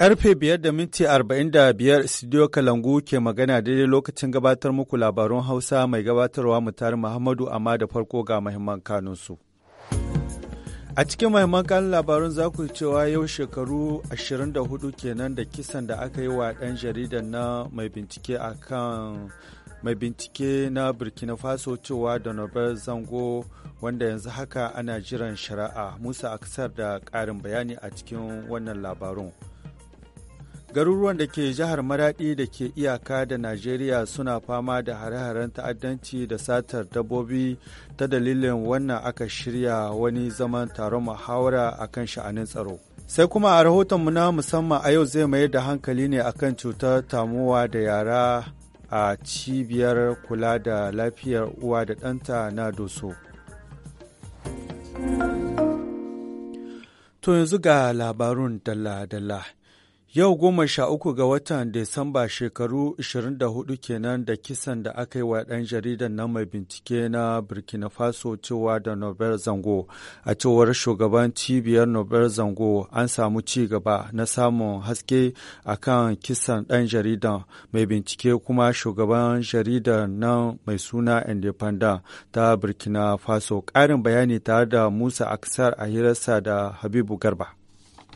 Karfe biyar da minti arba'in da biyar Studio Kalangu ke magana daidai lokacin gabatar muku labarun Hausa mai gabatarwa mutari Muhammadu amma da farko ga mahimman kanunsu. A cikin mahimman kanun labarun za ku cewa yau shekaru 24 kenan da kisan da aka yi wa ɗan jaridan na mai bincike a kan mai bincike na burkina faso cewa da zango wanda yanzu haka ana jiran shari'a musa aksar da ƙarin bayani a cikin wannan labarun garuruwan da ke jihar maradi da ke iyaka da najeriya suna fama da hare-haren ta'addanci da satar dabbobi ta dalilin wannan aka shirya wani zaman taron muhawara akan sha'anin tsaro sai kuma a rahotonmu na musamman a yau zai mayar da hankali ne a kan cutar tamuwa da yara a cibiyar kula da lafiyar uwa da ɗanta na doso to yanzu ga labarun dalla-dalla Yau goma sha uku ga watan Disamba shekaru 24 kenan da kisan da aka yi wa ɗan jaridan na mai bincike na Burkina Faso cewa da Nobel Zango. A cewar shugaban cibiyar Nobel Zango an samu ci gaba na samun haske a kan kisan ɗan jaridan mai bincike kuma shugaban jaridan nan mai suna Independent ta Burkina Faso. Ƙarin bayani tare da Musa Aksar a hirarsa da Habibu Garba.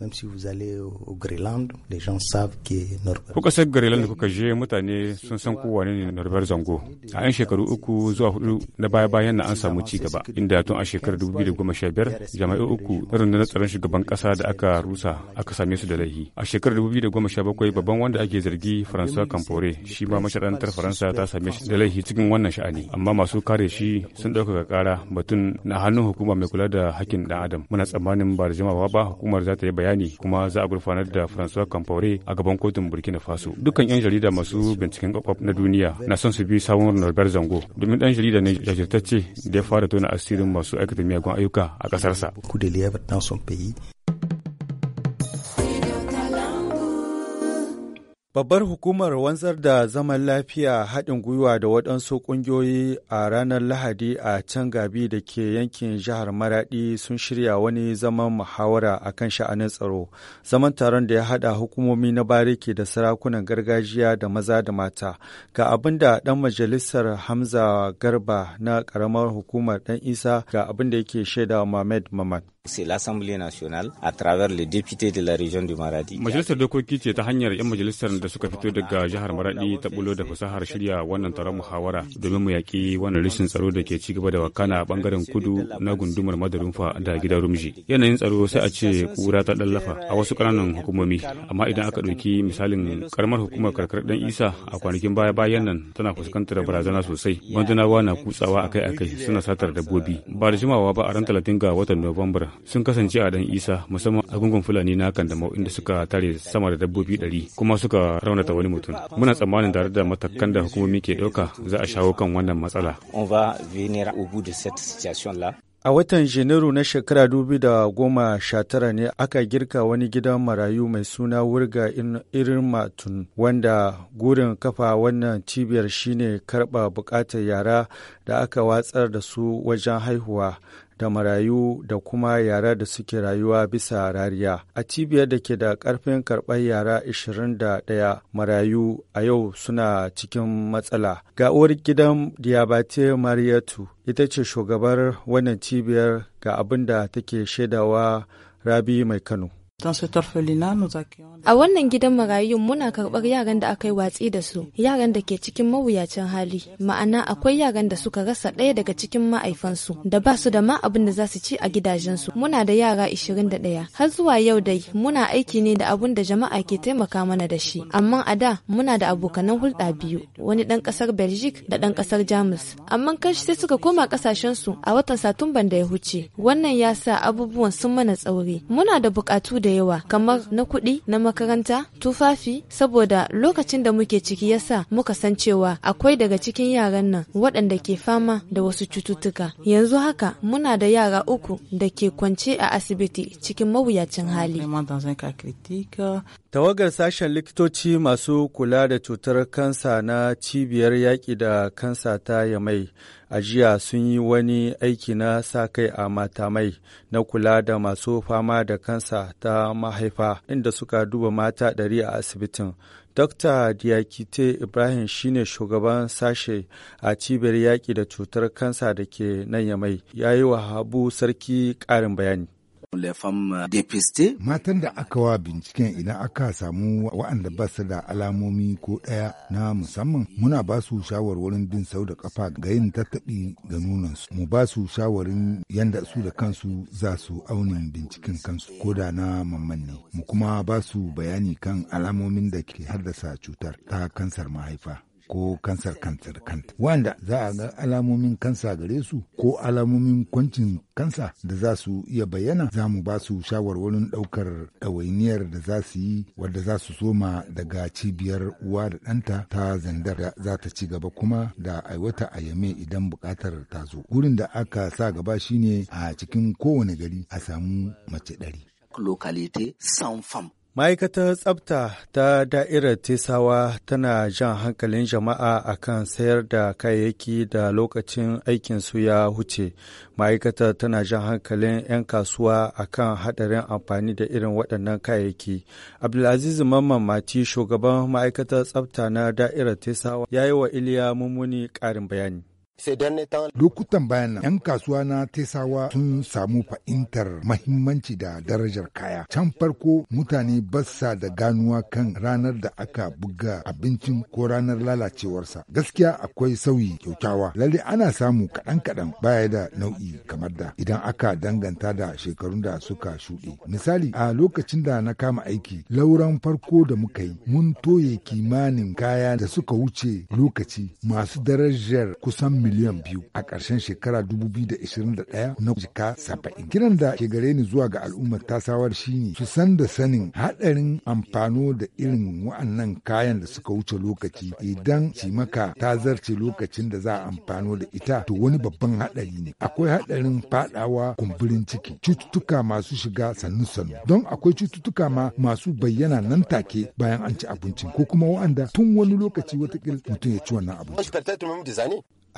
Même si vous allez au Greenland, les gens savent que Norbert. Ko kasar Greenland kuka je mutane sun san ko wane ne Norbert Zango. A yan shekaru uku zuwa hudu na baya-bayan na an samu ci gaba inda tun a shekarar 2015 jami'ai uku na tsaron shugaban kasa da aka rusa aka same su da laihi. A shekarar 2017 babban wanda ake zargi Faransa campore shi ma masharantar Faransa ta same shi da laihi cikin wannan sha'ani amma masu kare shi sun ɗaukaka ƙara batun na hannun hukuma mai kula da hakkin dan adam muna tsammanin ba da jimawa ba hukumar za ta yi bayani kuma za a gurfanar da Francois campore a gaban kotun Burkina Faso. Dukkan 'yan jarida masu binciken kwakwaf na duniya na son su bi sabon Norbert Zango domin ɗan jarida ne jajirtacce da ya fara tona asirin masu aikata miyagun ayyuka a ƙasarsa. Babbar hukumar wanzar da zaman lafiya haɗin gwiwa da waɗansu ƙungiyoyi a ranar Lahadi a can gabi da ke yankin jihar Maraɗi sun shirya wani zaman muhawara a kan sha'anin tsaro. Zaman taron da ya haɗa hukumomi na bariki da sarakunan gargajiya da maza da mata. Ga abin da ɗan majalisar Hamza Garba na ƙaramar hukumar ɗan Isa ga abin da yake shaida Mohamed Mamad. c'est l'Assemblée nationale à travers les députés de la région du Maradi. Majalisar dokoki ce ta hanyar 'yan majalisar da suka fito daga jihar Maradi ta bulo da fasahar shirya wannan taron muhawara domin mu yaki wannan rashin tsaro da ke ci gaba da wakana a bangaren kudu na gundumar Madarunfa da gidan Rumji. Yanayin tsaro sai a ce kura ta dallafa a wasu kananan hukumomi amma idan aka dauki misalin karamar hukumar karkar dan Isa a kwanakin baya bayan nan tana fuskantar barazana sosai. Bandunawa na kutsawa akai-akai suna satar dabbobi. Ba da jimawa ba a ran talatin ga watan Nuwamba sun kasance a dan isa musamman agungun fulani na damo inda suka tare sama da dabbobi ɗari kuma suka raunata wani mutum muna tsammanin tare da matakan da hukumomi ke ɗauka za a shawo kan wannan matsala A watan Janairu na shekara da goma sha tara ne aka girka wani gidan marayu mai suna wurga irin matun wanda gurin kafa wannan cibiyar shine karba bukatar yara da aka watsar da su wajen haihuwa da marayu da kuma yara da suke rayuwa bisa rariya. A cibiyar da ke da ƙarfin karɓar yara 21 marayu a yau suna cikin matsala. Ga uwar gidan Diabate Mariyatu ita ce shugabar wannan cibiyar ga abin da take shaidawa Rabi Mai Kano. A wannan gidan marayun muna karɓar yaran da aka yi watsi da su, yaran da ke cikin mawuyacin hali, ma'ana akwai yaran da suka rasa ɗaya daga cikin ma'aifansu da ba su da ma abin da za su ci a gidajensu. Muna da yara ɗaya. Har zuwa yau dai muna aiki ne da abun da jama'a ke taimaka mana da shi. Amma a da muna da abokanan hulɗa biyu, wani ɗan ƙasar Belgic da ɗan ƙasar Jamus. Amma shi sai suka koma ƙasashensu a watan Satumban da ya huce. Wannan ya sa abubuwan sun mana tsauri. Muna da buƙatu da da yawa kamar na kuɗi na makaranta tufafi saboda lokacin da muke ciki yasa muka san cewa akwai daga cikin yaran nan waɗanda ke fama da wasu cututtuka yanzu haka muna da yara uku da ke kwance a asibiti cikin mawuyacin hali Tawagar sashen likitoci masu kula da cutar kansa na cibiyar yaƙi da kansa ta Yamai a jiya sun yi wani aiki na sa-kai a mata mai, na kula da masu fama da kansa ta mahaifa inda suka duba mata ɗari a asibitin. Dr. Diakite Ibrahim shine shugaban sashe a cibiyar yaƙi da cutar kansa da ke nan Yamai ya yi wa Habu Sarki ƙarin bayani. Matan da aka wa binciken idan aka samu waɗanda ba su da alamomi ko ɗaya na musamman muna ba su shawarwarin bin sau da kafa ga yin tattaɓi ga nunansu. Mu ba su shawarin yanda su da kansu za su aunin binciken kansu ko da na mamman ne. Mu kuma ba su bayani kan alamomin da ke haddasa cutar ta kansar mahaifa. ko kansar kansar kanta wanda za a ga alamomin kansa gare su ko alamomin kwancin kansa da za su iya bayyana za mu ba su shawarwarin ɗaukar ɗawainiyar da za su yi wadda za su soma daga cibiyar uwa da ɗanta ta zandar da za ta ci gaba kuma da aiwata a yame idan buƙatar ta zo Wurin da aka sa gaba shine a cikin kowane gari a samu mace ɗari. localité sans femme ma'aikatar tsabta ta da'irar tesawa tana jan hankalin jama'a a kan sayar da kayayyaki da lokacin aikinsu ya huce ma'aikatar tana jan hankalin 'yan kasuwa a kan haɗarin amfani da irin waɗannan kayayyaki abdulaziz mamman mati shugaban ma'aikatar tsabta na da'irar tesawa ya yi wa iliya mummuni ƙarin bayani Lokutan bayan nan, 'yan kasuwa na Tesawa sun samu fahimtar mahimmanci da darajar kaya. Can farko mutane basa da ganuwa kan ranar da aka buga abincin ko ranar lalacewarsa. Gaskiya akwai sauyi kyautawa. Lalle ana samu kaɗan-kaɗan baya da nau'i kamar da idan aka danganta da shekarun da suka shuɗe. Misali, a lokacin da na kama aiki, lauran farko da muka yi, mun toye kimanin kaya da suka wuce lokaci masu darajar kusan miliyan biyu a ƙarshen shekara 2021 na jika saba'in. Kiran da ke gare ni zuwa ga al'ummar tasawar shine su san da sanin haɗarin amfano da irin wa'annan kayan da suka wuce lokaci idan cimaka ta zarce lokacin da za a amfano da ita to wani babban haɗari ne. Akwai haɗarin faɗawa kumburin ciki, cututtuka masu shiga sannu-sannu. Don akwai cututtuka ma masu bayyana nan take bayan an ci abincin ko kuma wa'anda tun wani lokaci watakil mutum ya ci wannan abincin.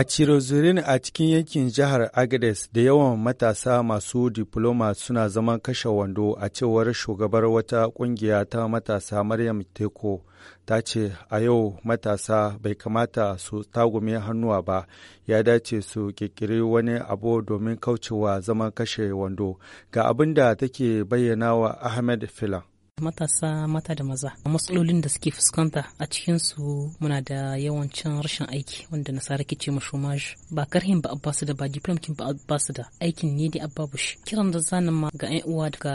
A Cirozirin a cikin yankin jihar Agades da yawan matasa masu diploma suna zaman kashe wando a cewar shugabar wata kungiya ta matasa Maryam Teko ta ce a yau matasa bai kamata su tagume hannuwa ba ya dace su kikiri wani abu domin kaucewa zaman kashe wando ga abin da take bayyana wa Ahmed Filan. matasa mata da maza a matsalolin da suke fuskanta a cikinsu muna da yawancin rashin aiki wanda nasara ke ce shomaji ba karhin ba abbasu da ba diplom kin ba abbasu da aikin ne dai abba bushi kiran da zana ma ga ƴan uwa daga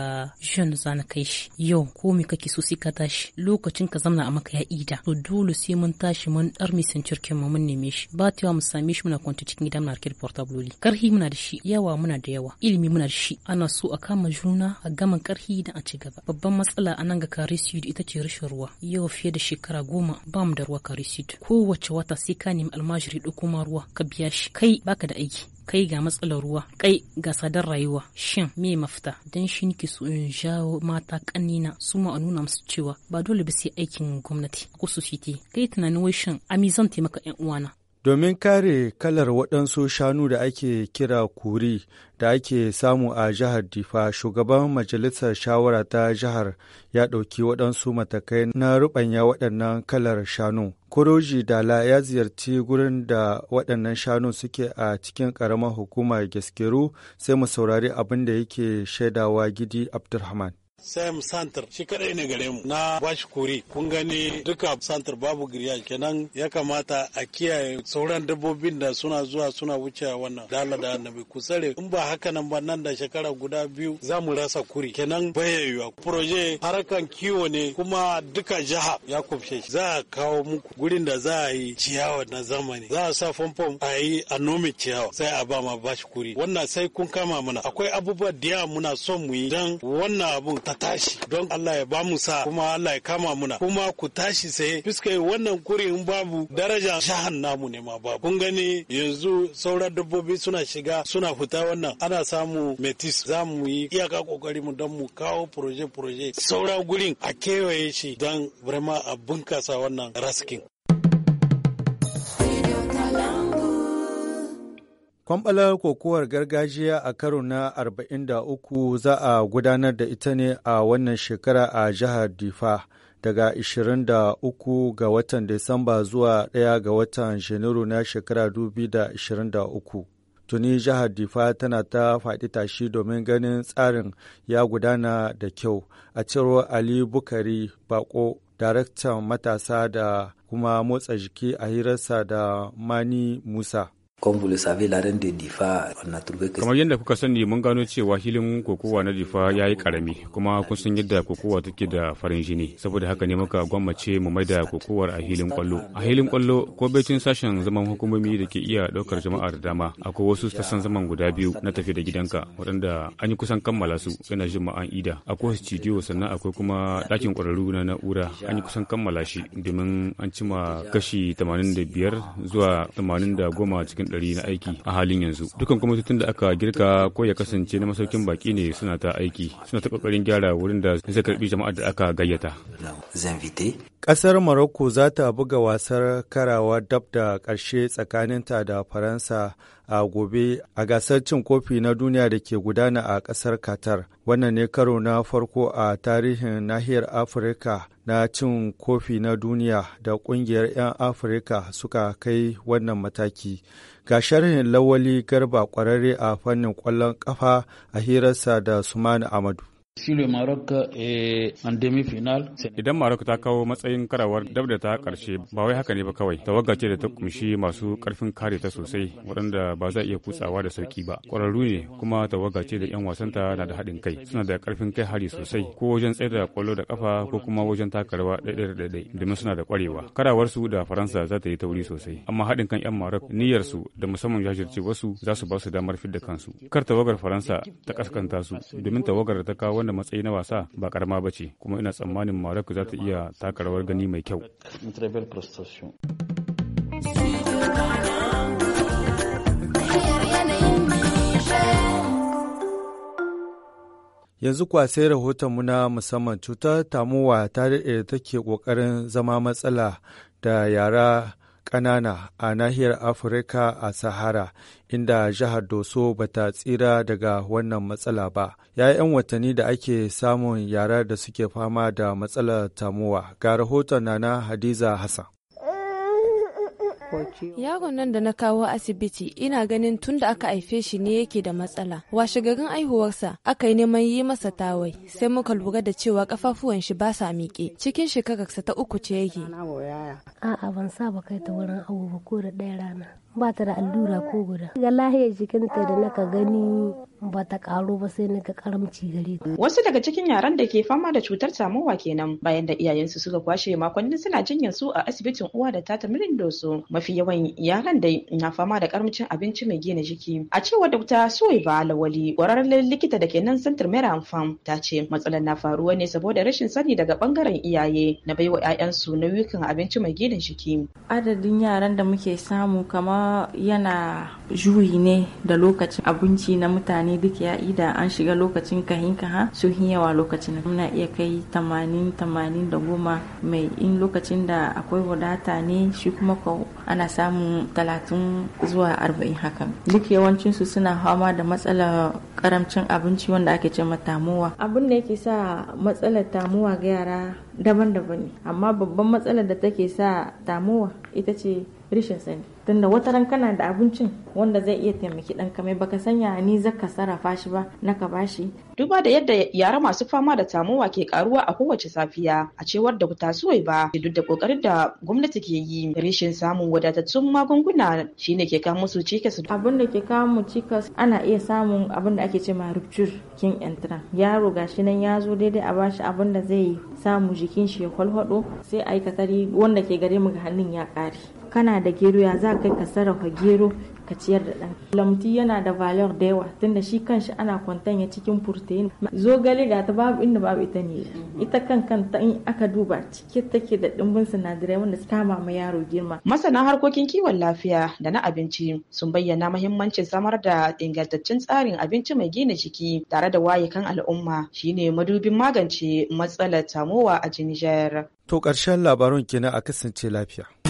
da zana kai shi yau ko me kake so sai ka tashi lokacin ka zamna a maka ya ida to dole sai mun tashi mun dar mi cirkin mu mun neme shi ba tawa mu same shi muna kwanta cikin gida muna rike portable karhi muna da shi yawa muna da yawa ilimi muna da shi ana so a kama juna a gama karhi da a ci gaba babban matsala a anan ga kare ita ce rashin ruwa yau fiye da shekara goma ba mu da ruwa kare sud kowace wata sai ka nemi almajiri ɗauko ma ruwa ka biya shi kai baka da aiki kai ga matsalar ruwa kai ga sadar rayuwa shin me mafita dan shi nike so in jawo mata kanina su ma a nuna musu cewa ba dole ba sai aikin gwamnati ko society kai tunanin wai shin amizan taimaka yan uwana domin kare kalar waɗansu shanu da ake kira kuri da ake samu a jihar difa shugaban majalisar shawara ta jihar ya ɗauki waɗansu matakai na ruɓanya waɗannan kalar shanu koroji dala ya ziyarci gurin da waɗannan shanu suke a cikin ƙaramar hukumar gaskeru sai mu saurari abin da yake shaidawa gidi abdulrahman Sam Santar shi kadai ne gare mu na bashi kuri. kun gani duka Santar babu girya kenan ya kamata a kiyaye sauran dabbobin da suna zuwa suna wuce wannan dala da annabi ku tsare in ba haka nan ba nan da shekara guda biyu za mu rasa kuri kenan baya proje harkan kiwo ne kuma duka jiha ya kumshe shi za a kawo muku gurin da za a yi ciyawa na zamani za a sa fomfom a yi a nome ciyawa sai a ba ma bashi kuri wannan sai kun kama mana akwai abubuwa da yawa muna son mu yi dan wannan abun ta a tashi don Allah ya bamu sa kuma Allah ya kama muna kuma ku tashi sai fiska wannan kurin babu daraja shahan namu ne ma babu kun gani yanzu sauran dabbobi suna shiga suna fita wannan ana samu metis za mu yi iyaka kokari mu don mu kawo proje proje sauran gurin a kewaye shi don vraiment a bunkasa wannan raskin Kwamɓalar kokowar gargajiya a karo na 43 za a gudanar da ita ne a wannan shekara a jihar Difa daga 23 ga watan Disamba zuwa 1 ga watan Janairu na shekara 2023. Tuni jihar Difa tana ta faɗi tashi domin ganin tsarin ya gudana da kyau a cewar Ali Bukari Bako, daraktan matasa da kuma motsa jiki a hirarsa da Mani Musa. difa. kamar yadda kuka sani mun gano cewa hilin kokowa na difa ya yi karami kuma kun san yadda kokowa take da farin jini saboda haka ne muka gwammace mu maida kokowar a hilin kwallo a hilin kwallo ko bacin sashen zaman hukumomi da ke iya daukar jama'a da dama akwai wasu sassan zaman guda biyu na tafi da gidanka waɗanda an yi kusan kammala su yana jin ma'an ida akwai studio sannan akwai kuma ɗakin kwararru na na'ura an yi kusan kammala shi domin an cima kashi 85 zuwa 80 cikin ɗari na aiki a halin yanzu dukan kwamitocin da aka girka ko ya kasance na masaukin baki ne suna ta aiki suna ta kokarin gyara wurin da zai karbi jama'ar da aka gayyata Ƙasar Morocco za ta buga wasar karawa dab da ƙarshe tsakaninta da Faransa a gobe a gasar cin kofi na duniya da ke gudana a ƙasar Qatar. Wannan ne karo na farko a tarihin nahiyar Afirka na cin kofi na duniya da ƙungiyar 'yan Afirka suka kai wannan mataki. Ga sharhin Lawali Garba ƙwararre a fannin ƙwallon ƙafa a hirarsa da Sumani Amadu. Eh, demi final. Idan Maroc ta kawo matsayin karawar dab da ta karshe ba wai haka ne ba kawai tawaga ce da ta kumshi masu karfin kare ta sosai waɗanda ba za iya kutsawa da sarki ba ƙwararru ne kuma tawaga ce da 'yan wasanta na da haɗin kai suna da karfin kai hari sosai ko wajen tsayar da kwallo da kafa ko kuma wajen takarwa ɗaiɗai domin suna da ƙwarewa karawar su da Faransa za ta yi tauri sosai amma haɗin kan 'yan Maroc niyyar su da musamman jajircewa wasu za su ba su damar fidda kansu kar tawagar Faransa ta kaskanta su domin tawagar da ta kawo wanda matsayi na wasa ba karama ba ce kuma ina tsammanin Maroc za ta iya taka rawar gani mai kyau. yanzu kuwa sai rahotonmu na musamman cutar tamuwa ta daɗe da take ƙoƙarin zama matsala da yara Kanana, a nahiyar Afirka a Sahara, inda jihar Doso bata tsira daga wannan matsala ba. Ya yi 'yan watanni da ake samun yara da suke fama da matsalar tamuwa. Ga rahoton Nana Hadiza Hassan. Yaron nan da na kawo asibiti ina ganin tun da aka haife shi ne yake da matsala. washigarin aihuwarsa aka yi neman yi masa tawai sai muka lura da cewa kafafuwan shi ba sa miƙe. Cikin shekararsa ta uku ce yake. A'a ban sa ba kai ta wurin abu ba ko da ɗaya rana. ba ta da allura ko guda ga lahiyar jikinta da naka gani ba ta karo ba sai naga karamci gare Wasu daga cikin yaran da ke fama da cutar tamowa kenan bayan da iyayensu suka kwashe makonnin suna jinyar su a asibitin uwa da tata Mirindoso mafi yawan yaran da na fama da karamcin abinci mai gina jiki. A cewar Dr. ba Lawali, kwararren likita da ke nan Santar Mera Amfam ta ce matsalar na faruwa ne saboda rashin sani daga bangaren iyaye na baiwa 'ya'yansu nauyukan abinci mai gina jiki. Adadin yaran da muke samu kamar yana juyi ne da lokacin abinci na mutane duk ya ida an shiga lokacin kahin kaha su yawa lokacin muna iya kai tamanin tamanin da goma mai in lokacin da akwai wadata ne shi kuma ana samun talatin zuwa arba'in hakan duk yawancinsu suna fama da matsala karamcin abinci wanda ake ce matamuwa abin da yake sa matsalar tamuwa ga yara daban-daban ne amma babban matsalar da take sa tamuwa ita ce rishin sani tunda wata ran kana da abincin wanda zai iya taimaki ɗanka mai baka sanya ni zaka sarrafa shi ba na ka bashi. Duba da yadda yara masu fama da tamowa ke karuwa a kowace safiya a cewar da ta suwai ba duk da kokarin da gwamnati ke yi rashin samun wadatattun magunguna shine ke kawo musu cikas. Abin da ke kawo mu cikas ana iya samun abin da ake ce ma rupture kin entra yaro gashi nan ya zo daidai a bashi abin da zai samu jikin shi ya kwalhwado sai aikatari wanda ke gare mu ga hannun ya kare. kana da gero ya za kai ka sarrafa gero ka ciyar da ɗan lamti yana da valor da yawa tunda shi kanshi ana kwantan ya cikin protein zogale da ta babu inda babu ita ne ita kan ta in aka duba cike take da ɗimbin sinadarai wanda su kama ma yaro girma masana harkokin kiwon lafiya da na abinci sun bayyana mahimmancin samar da ingantaccen tsarin abinci mai gina jiki tare da waye al'umma shine madubin magance matsalar tamowa a Nijar. To ƙarshen labarun kenan a kasance lafiya.